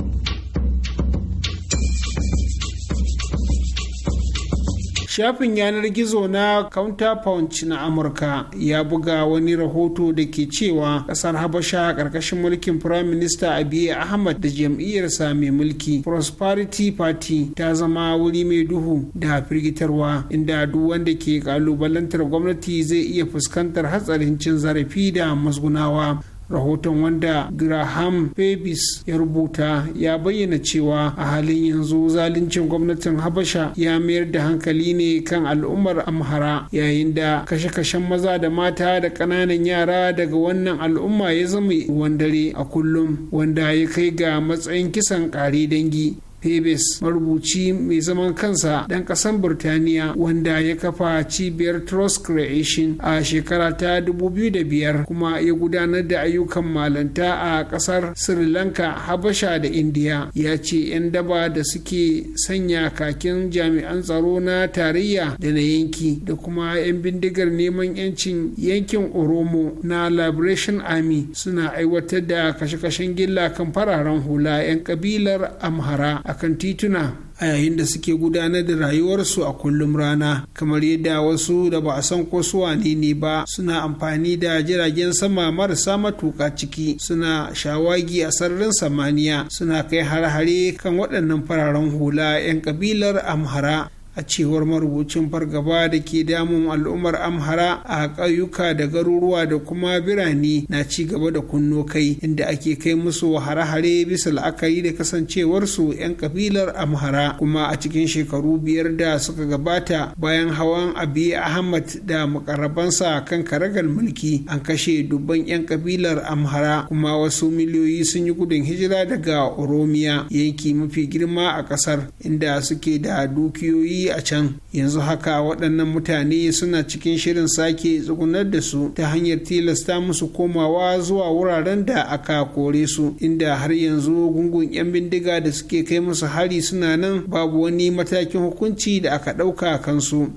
shafin yanar gizo na counterpunch na amurka ya buga wani rahoto da ke cewa kasar habasha a ƙarƙashin mulkin prime minister abiy ahmad da jam'iyyarsa mai mulki prosperity party ta zama wuri mai duhu da firgitarwa inda duk wanda ke kalubalantar gwamnati zai iya fuskantar hatsarin cin zarafi da musgunawa rahoton wanda graham babies ya rubuta ya bayyana cewa a halin yanzu zaluncin gwamnatin habasha ya mayar da hankali ne kan al'ummar amhara yayin da kashe-kashen maza da mata da ƙananan yara daga wannan al'umma ya zama ruwan dare a kullum wanda ya kai ga matsayin kisan ƙare dangi Davis marubuci mai zaman kansa ɗan ƙasan Burtaniya wanda ya kafa cibiyar Trust Creation a shekara ta 2005 kuma ya gudanar da ayyukan malanta a ƙasar Sri Lanka, Habasha da Indiya ya ce 'yan daba da suke sanya kakin jami'an tsaro na tarayya da na yanki da kuma 'yan bindigar neman 'yancin yankin Oromo na Liberation Army suna aiwatar da kashe-kashen gilla kan fararen hula 'yan kabilar Amhara a kan tituna a yayin da suke gudanar da rayuwarsu a kullum rana kamar yadda wasu da ba a san ko su ne ba suna amfani da jiragen sama marasa matuƙa ciki suna shawagi a sararin samaniya suna kai har-hare kan waɗannan fararen hula 'yan ƙabilar amhara a cewar marubucin fargaba da ke damun al'ummar amhara a ƙauyuka da garuruwa da kuma birane na ci gaba da kunno kai inda ake kai musu hare-hare bisa la'akari da kasancewarsu 'yan kabilar amhara kuma a cikin shekaru biyar da suka gabata bayan hawan abi ahmad da makarabansa kan karagar mulki an kashe dubban 'yan kabilar amhara kuma wasu miliyoyi sun yi gudun hijira daga oromiya yanki mafi girma a ƙasar inda suke da dukiyoyi yi a can yanzu haka waɗannan mutane suna cikin shirin sake tsugunar da su ta hanyar tilasta musu komawa zuwa wuraren da aka kore su inda har yanzu gungun 'yan bindiga da suke kai musu hari suna nan babu wani matakin hukunci da aka ɗauka kansu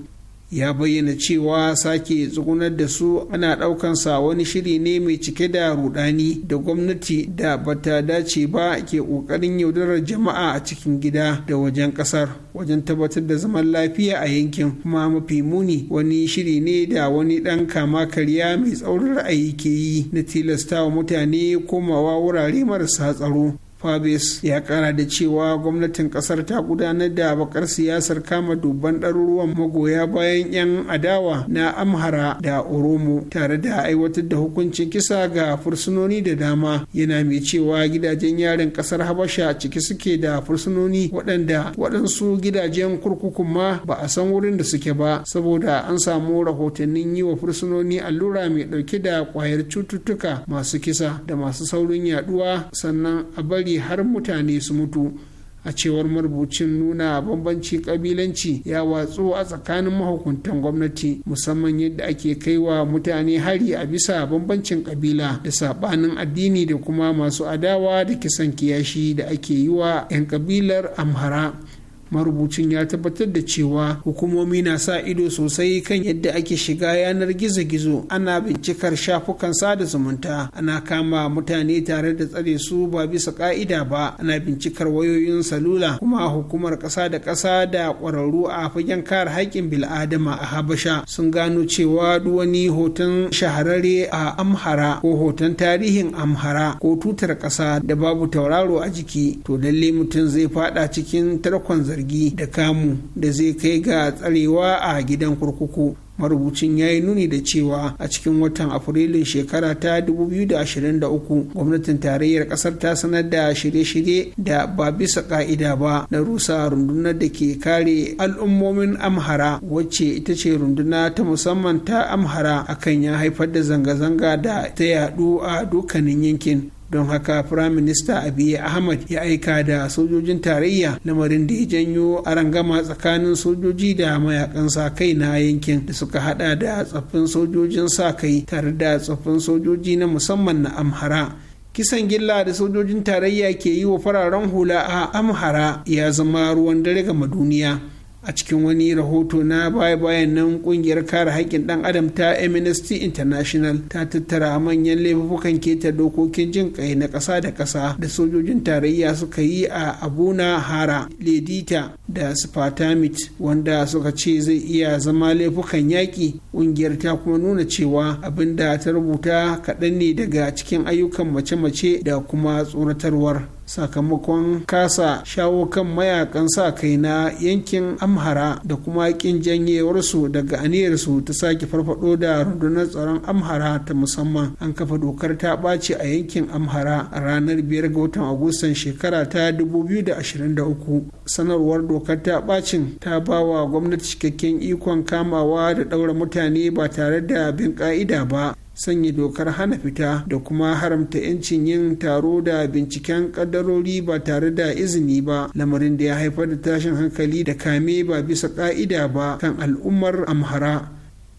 ya bayyana cewa sake tsugunar da su ana ɗaukansa wani shiri ne mai cike da rudani da gwamnati da bata dace ba ke ƙoƙarin yaudarar jama'a a cikin gida da wajen ƙasar wajen tabbatar da zaman lafiya a yankin kuma mafi muni wani shiri ne da wani ɗan kama karya mai tsaurin ra'ayi ke yi na tilastawa mutane komawa wurare marasa tsaro Fabes ya kara da cewa gwamnatin kasar ta gudanar da bakar siyasar kama dubban ɗaruruwan magoya bayan 'yan adawa na Amhara da Oromo tare da aiwatar da hukuncin kisa ga fursunoni da dama yana mai cewa gidajen yaren kasar Habasha ciki suke da fursunoni waɗanda waɗansu gidajen kurkuku ma ba a san wurin da suke ba saboda an samu rahotannin yi wa fursunoni allura mai ɗauke da kwayar cututtuka masu kisa da masu saurin yaduwa sannan a bari har mutane su mutu a cewar marubucin nuna bambancin kabilanci ya watsu a tsakanin mahukuntan gwamnati musamman yadda ake kai wa mutane hari a bisa bambancin kabila da sabanin addini da kuma masu adawa da kisan kiyashi da ake yi wa 'yan kabilar amhara marubucin ya tabbatar da cewa hukumomi na sa ido sosai kan yadda ake shiga yanar gizo-gizo ana bincikar shafukan sada zumunta ana kama mutane tare da tsare su ba bisa ka'ida ba ana bincikar wayoyin salula kuma hukumar ƙasa da ƙasa da ƙwararru a fagen kare haƙƙin bil'adama a habasha sun gano cewa duk wani hoton shahararre a amhara ko hoton tarihin amhara ko tutar ƙasa da babu tauraro a jiki to lalle mutum zai faɗa cikin tarkon zargi da kamu da zai kai ga tsarewa a gidan kurkuku marubucin ya yi nuni da cewa a cikin watan afrilun shekara ta 2023 gwamnatin tarayyar kasar ta sanar da shirye-shirye da ba bisa ka'ida ba na rusa rundunar da ke kare al'ummomin amhara wacce ita ce runduna ta musamman ta amhara akan ya haifar da zanga-zanga da ta yadu a dukkanin yankin don haka firaminista abiy ahmad ya aika da sojojin tarayya lamarin da ya janyo arangama tsakanin sojoji da mayakan sa kai na yankin da suka hada da tsaffin sojojin sa kai tare da tsaffin sojoji na musamman na amhara kisan gilla da sojojin tarayya ke yi wa fararen hula a amhara ya zama ruwan dare ga duniya a cikin wani rahoto na baya-bayan nan kungiyar kare haƙƙin ɗan adam ta amnesty international ta tattara manyan laifukan keta dokokin jin ƙai na ƙasa da ƙasa da sojojin tarayya suka yi a abuna hara ledita da spartamit wanda suka ce zai iya zama laifukan yaƙi ƙungiyar ta kuma nuna cewa abin da ta rubuta kaɗan ne daga cikin ayyukan mace-mace da kuma tsoratarwar sakamakon kasa shawo kan mayakan sa kai na yankin amhara da kuma kin janyewarsu daga aniyarsu ta sake farfado da rundunar tsaron amhara ta musamman an kafa dokar ta ɓaci a yankin amhara a ranar 5 ga watan agustan shekara ta 2023 sanarwar dokar ta ɓacin ta ba wa gwamnati cikakken ikon kamawa da ɗaura mutane ba tare da bin ƙa'ida ba sanya dokar hana fita da kuma haramta 'yancin yin taro da binciken kaddarori ba tare da izini ba lamarin da ya haifar da tashin hankali da kame ba bisa ka'ida ba kan al'ummar amhara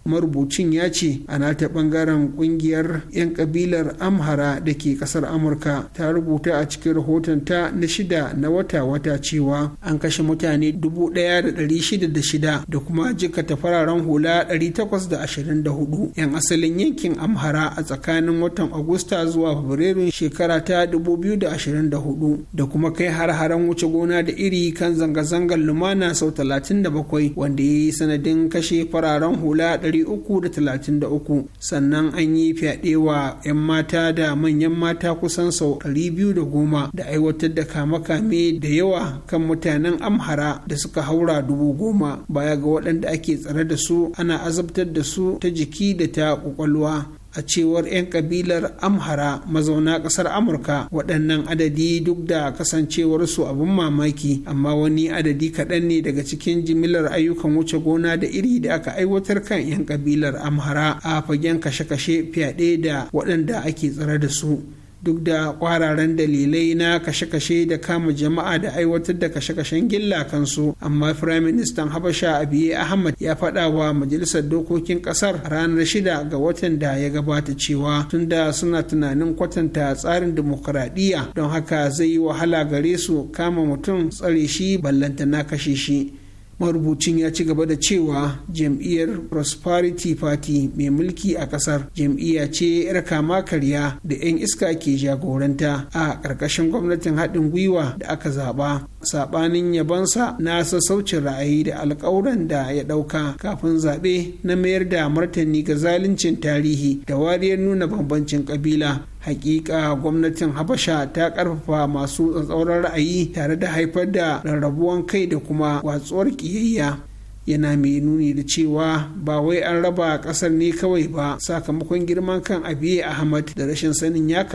marubucin ya ce a nata bangaren kungiyar 'yan kabilar amhara da ke kasar amurka ta rubuta a cikin rahoton ta na shida na wata-wata cewa an kashe mutane 1,606 da kuma jikata fararen hula 824 'yan asalin yankin amhara a tsakanin watan agusta zuwa fabrairun shekara ta 2024 da kuma kai har-haren wuce gona da iri kan zanga-zangar lumana sau 37 wanda ya yi sanadin kashe fararen hula 333 sannan an yi fyaɗe wa 'yan mata da manyan mata kusan sau 210 da aiwatar da kame-kame da yawa kan mutanen amhara da suka haura dubu goma baya ga waɗanda ake tsare da su ana azabtar da su ta jiki da ta ƙwaƙwalwa a cewar 'yan kabilar amhara mazauna kasar amurka waɗannan adadi duk da kasancewarsu abin mamaki amma wani adadi kaɗan ne daga cikin jimilar ayyukan wuce gona da iri da aka aiwatar kan 'yan kabilar amhara a fagen kashe-kashe fyaɗe da waɗanda ake tsare da su duk da kwararen dalilai na kashe-kashe da kama jama'a da aiwatar da kashe-kashen gilla kansu amma firayim ministan habasha abiye ahmad ya faɗa wa majalisar dokokin ƙasar ranar shida ga watan da ya gabata cewa tun da suna tunanin kwatanta tsarin dimokuraɗiyya don haka zai yi wahala gare su kama mutum tsare shi ballanta na kashe shi marubucin ya ci gaba da cewa jam'iyyar prosperity party mai mulki a kasar jam'iyya ce 'yar kama karya da 'yan iska ke jagoranta a ƙarƙashin gwamnatin haɗin gwiwa da aka zaɓa saɓanin yabansa na sassaucin ra'ayi da alƙawuran da ya ɗauka kafin zaɓe na mayar da martani ga zaluncin tarihi da wariyar nuna bambancin ƙabila hakika gwamnatin habasha ta karfafa masu tsatsauran ra'ayi tare da haifar da rarrabuwan kai da kuma watsuwar kiyayya yana mai nuni da cewa ba wai an raba kasar ne kawai ba sakamakon girman kan abiye ahmad da rashin sanin ya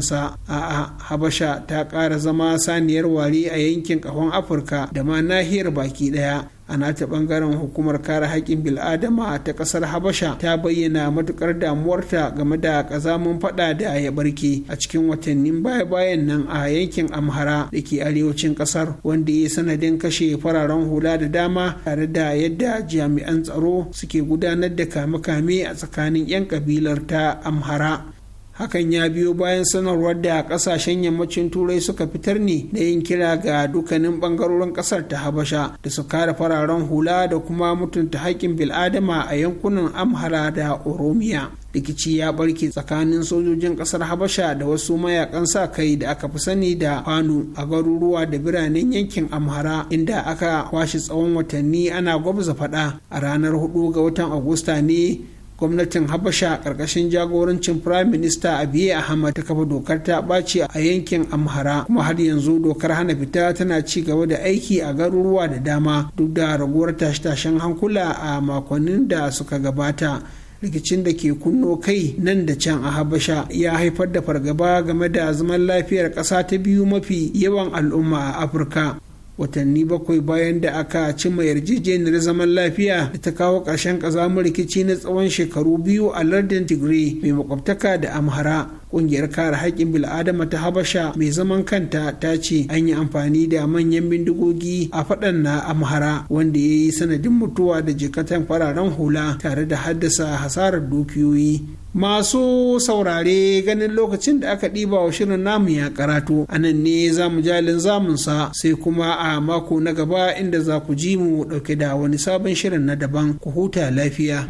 sa a'a habasha ta ƙara zama saniyar wari a yankin ƙahon afirka da ma nahiyar baki ɗaya a nata bangaren hukumar kare haƙƙin bil'adama ta ƙasar habasha ta bayyana matukar damuwarta game da ƙazamin faɗa da ya barke a cikin watannin baya-bayan nan a yankin amhara da ke arewacin ƙasar wanda ya sanadin kashe fararen hula da dama tare da yadda jami'an tsaro suke gudanar da kame-kame a tsakanin 'yan kabilar ta amhara hakan ya biyo bayan sanarwar da kasashen yammacin turai suka fitar ne da yin kira ga dukkanin bangarorin kasar ta habasha da su kare fararen hula da kuma mutunta haƙƙin bil'adama a yankunan amhara da oromiya rikici ya barke tsakanin sojojin kasar habasha da wasu mayakan sa kai da aka fi sani da kwano a garuruwa da biranen yankin amhara inda aka kwashe tsawon watanni ana gwabza faɗa a ranar 4 ga watan agusta ne gwamnatin habasha karkashin jagorancin prime minister abiy ahmad ta kafa dokar ta ɓaci a yankin amhara kuma har yanzu dokar hana fita tana ci gaba da aiki a garuruwa da dama duk da raguwar tashe-tashen hankula a makonnin da suka gabata rikicin da ke kunno kai nan da can a habasha ya haifar da fargaba game da zaman lafiyar ƙasa ta biyu mafi yawan al'umma a afirka watanni bakwai bayan da aka cima yarjejeniyar zaman lafiya da ta kawo ƙarshen ƙazamin rikici na tsawon shekaru biyu a lardin tigray mai makwabtaka da amhara ƙungiyar kare haƙƙin bil'adama ta habasha mai zaman kanta ta ce an yi amfani da manyan bindigogi a faɗan na amhara wanda ya yi sanadin mutuwa da jikatan fararen hula tare da haddasa hasarar dukiyoyi masu saurare ganin lokacin da aka ɗiba wa shirin namu ya karatu a nan ne za mu jalin zamunsa sai kuma a mako na gaba inda za ku ji mu ɗauke da wani sabon shirin na daban ku huta lafiya.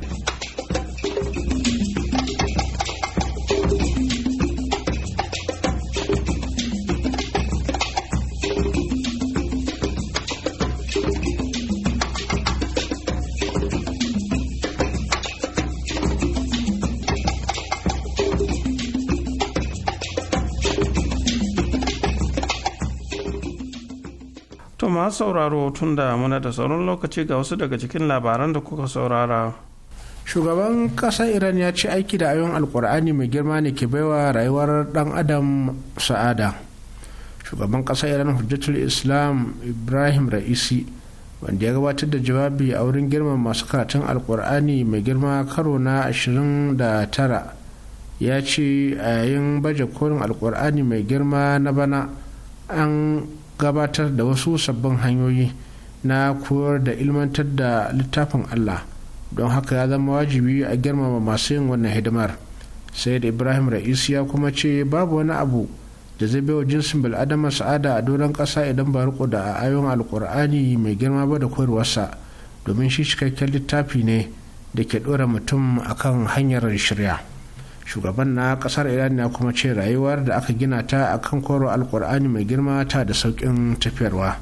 masu sauraro tun da muna da sauran lokaci ga wasu daga cikin labaran da kuka saurara. Shugaban ƙasar Iran ya ce aiki da ayon alkur'ani mai girma ne ke baiwa rayuwar ɗan adam sa'ada. Shugaban ƙasar Iran Hujjatul Islam Ibrahim Ra'isi wanda ya gabatar da jawabi a wurin girma masu karatun alkur'ani mai girma karo na 29 ya ce a yayin baje korin alkur'ani mai girma na bana an gabatar da wasu sabbin hanyoyi na koyar da ilmantar da littafin allah don haka ya zama wajibi a girmama masu yin wannan hidimar sai da ibrahim ra'isi ya kuma ce babu wani abu da zai bai wa jinsin bil'adama sa'ada a doron ƙasa idan ba riko da ayon alkur'ani mai girma ba da koyarwarsa domin shi cikakken littafi ne da ke ɗora mutum akan hanyar shirya. shugaban na kasar iran ya kuma ce rayuwar da aka gina ta a kan koro alkur'ani mai girma ta da sauƙin tafiyarwa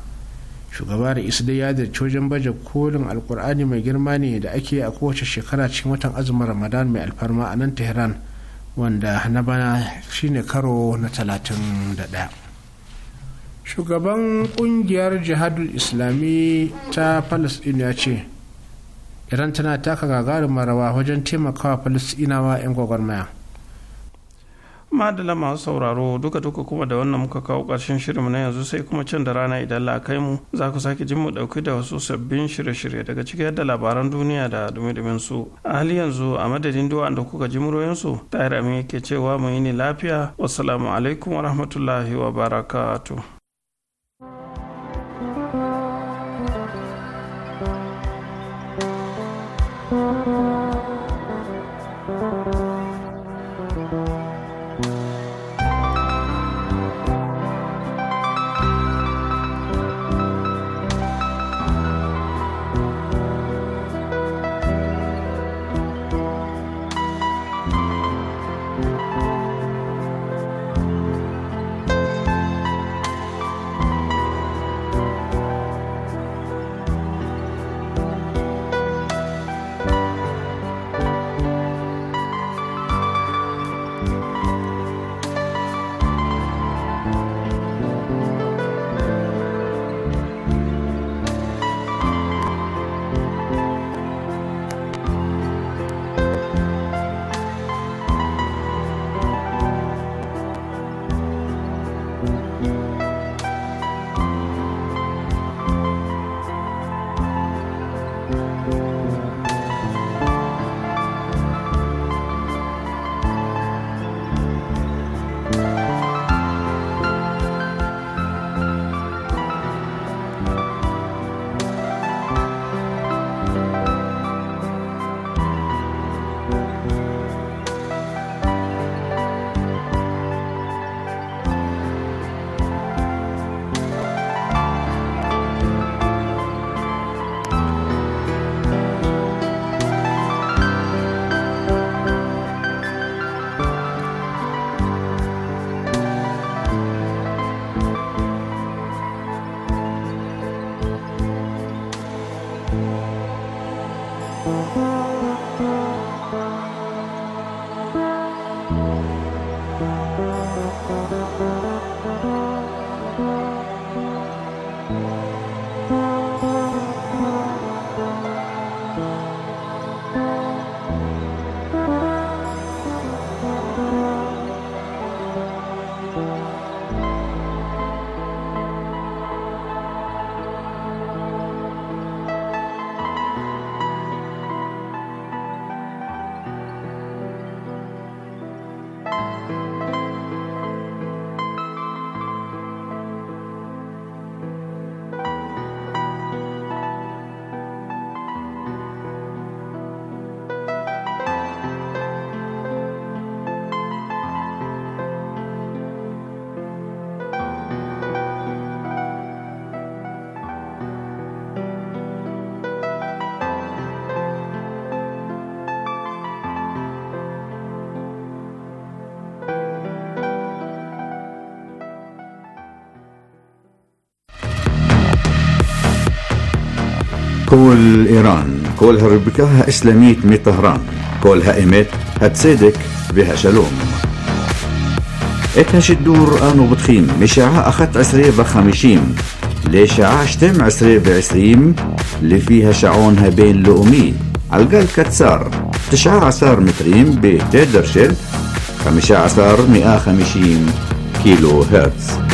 shugaba da isa ya ziyarci wajen baje kolin alkur'ani mai girma ne da ake a kowace shekara cikin watan azumin ramadan mai alfarma a nan tehran wanda na bana shine karo na talatin da ɗaya shugaban kungiyar jihadul islami ta palestine ya ce iran tana taka gagarin marawa wajen taimakawa falasɗinawa 'yan gwagwarmaya madala masu sauraro duka duka kuma da wannan muka kawo ƙarshen shirinmu na yanzu sai kuma can da rana idan la kai mu za ku sake jin mu ɗauki da wasu sabbin shirye-shirye daga cikin da labaran duniya da dumi-dumin su a hali yanzu a madadin duwa da kuka ji muroyinsu tayar amin yake cewa mu yi ni lafiya wasu alaikum wa barakatu. كل إيران كلها ربكاها إسلامية من طهران كلها إيمت هتصدق بها شلوم إتهش الدور آنو بتخيم مشاعة أخت عسرية بخمشيم لشاعة شتم عسرية بعسريم اللي فيها شعونها بين لؤمي عالقال كتسار تشعة عشر مترين بتدرشل خمشة عسار مئة خمشين كيلو هرتز